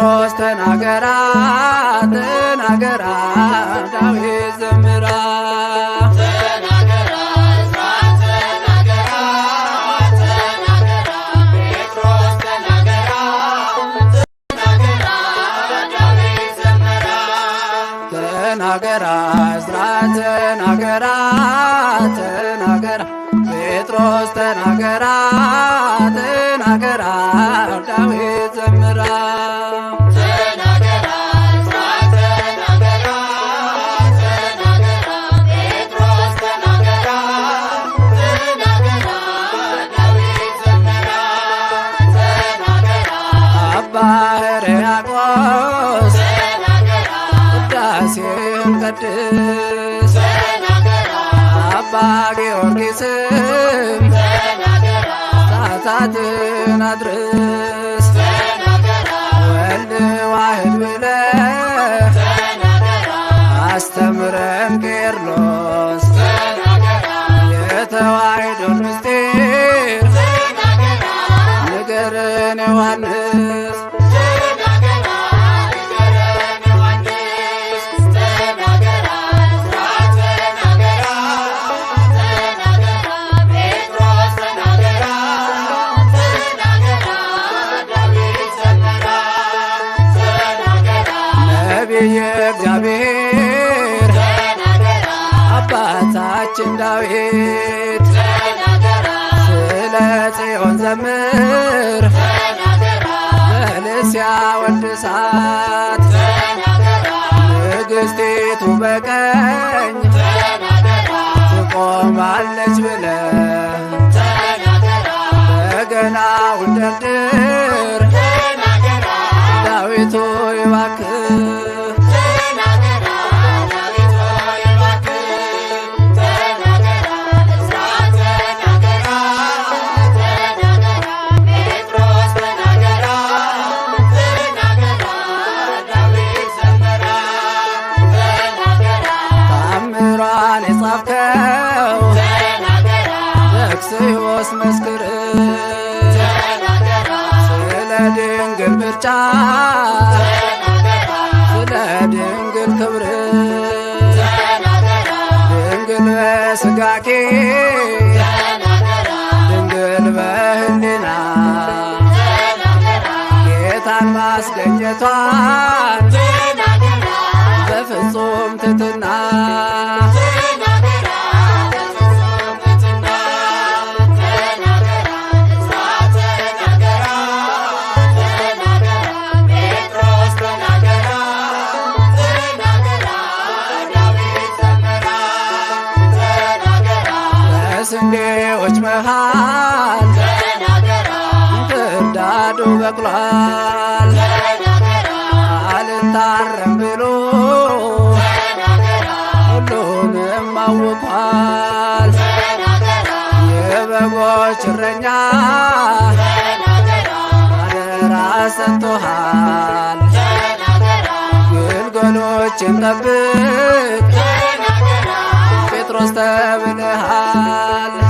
ጴጥሮስ ተናገራ ተናገራ ዳዊት ዘምራ ተናገራ ተናገራ ጴጥሮስ ተናገራ ባህረ ሐቆስ ውዳሴም ቀድስ አባ ጊዮርጊስም ታታትን አድርስ ወልድ ዋህድ ብለ አስተምረን ቄርሎስ የተዋሕዶን ምስጢር ንገርን ዮሐንስ የእግዚአብሔር አባታችን ዳዊት ስለ ጽዮን ዘምር መልስያ ወድሳት ንግሥቲቱ በቀኝ ትቆማለች ብለ በገና ውንደርድ ክርስቶስ መስክር ስለ ድንግል ምርጫ ስለ ድንግል ክብር ድንግል በስጋኬ ድንግል በህሊና ጌታን ማስገኘቷን በፍጹም ትትና በቅሏል አልታረም ብሎ ሁሉንም አውቋል። የበጎች እረኛ አደራ ሰጥቶሃል። ግልገሎችን ጠብቅ ጴጥሮስ ተብለሃል።